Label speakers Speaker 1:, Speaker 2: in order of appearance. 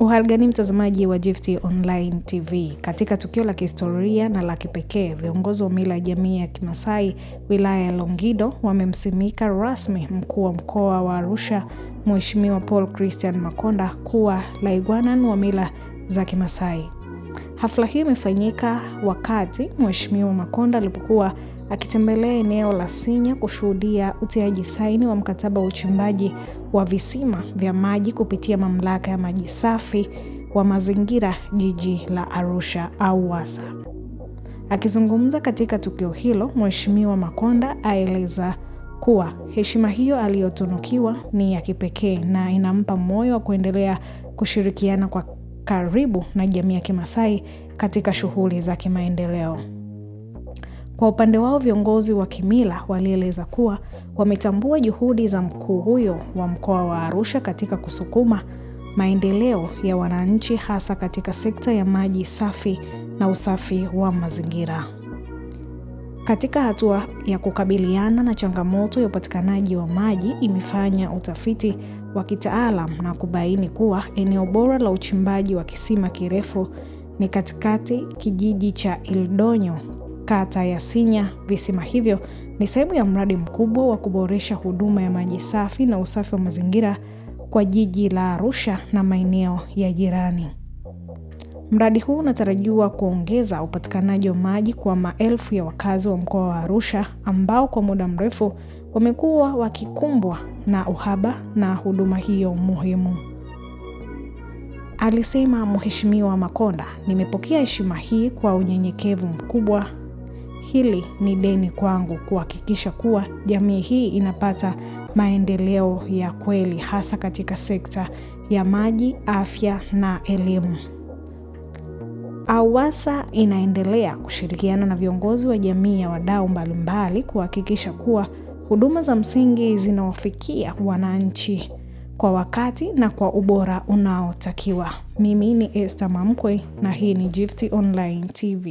Speaker 1: Uhalgani mtazamaji wa Gift Online TV. Katika tukio la kihistoria na la kipekee, viongozi wa mila ya jamii ya Kimasai wilaya ya Longido wamemsimika rasmi mkuu wa mkoa wa Arusha Mheshimiwa Paul Christian Makonda kuwa Laigwanan wa mila za Kimasai. Hafla hii imefanyika wakati Mheshimiwa Makonda alipokuwa akitembelea eneo la Sinya kushuhudia utiaji saini wa mkataba wa uchimbaji wa visima vya maji kupitia mamlaka ya maji safi wa mazingira jiji la Arusha au wasa Akizungumza katika tukio hilo, Mheshimiwa Makonda aeleza kuwa heshima hiyo aliyotunukiwa ni ya kipekee na inampa moyo wa kuendelea kushirikiana kwa karibu na jamii ya Kimasai katika shughuli za kimaendeleo. Kwa upande wao viongozi wa kimila walieleza kuwa wametambua juhudi za mkuu huyo wa mkoa wa Arusha katika kusukuma maendeleo ya wananchi hasa katika sekta ya maji safi na usafi wa mazingira. Katika hatua ya kukabiliana na changamoto ya upatikanaji wa maji, imefanya utafiti wa kitaalam na kubaini kuwa eneo bora la uchimbaji wa kisima kirefu ni katikati kijiji cha Ildonyo kata ya Sinya. Visima hivyo ni sehemu ya mradi mkubwa wa kuboresha huduma ya maji safi na usafi wa mazingira kwa jiji la Arusha na maeneo ya jirani. Mradi huu unatarajiwa kuongeza upatikanaji wa maji kwa maelfu ya wakazi wa mkoa wa Arusha ambao kwa muda mrefu wamekuwa wakikumbwa na uhaba na huduma hiyo muhimu. Alisema Mheshimiwa Makonda, nimepokea heshima hii kwa unyenyekevu mkubwa hili ni deni kwangu kuhakikisha kuwa jamii hii inapata maendeleo ya kweli, hasa katika sekta ya maji, afya na elimu. awasa inaendelea kushirikiana na viongozi wa jamii ya wadau mbalimbali kuhakikisha kuwa huduma za msingi zinawafikia wananchi kwa wakati na kwa ubora unaotakiwa. Mimi ni este Mamkwe na hii ni Gift Online TV.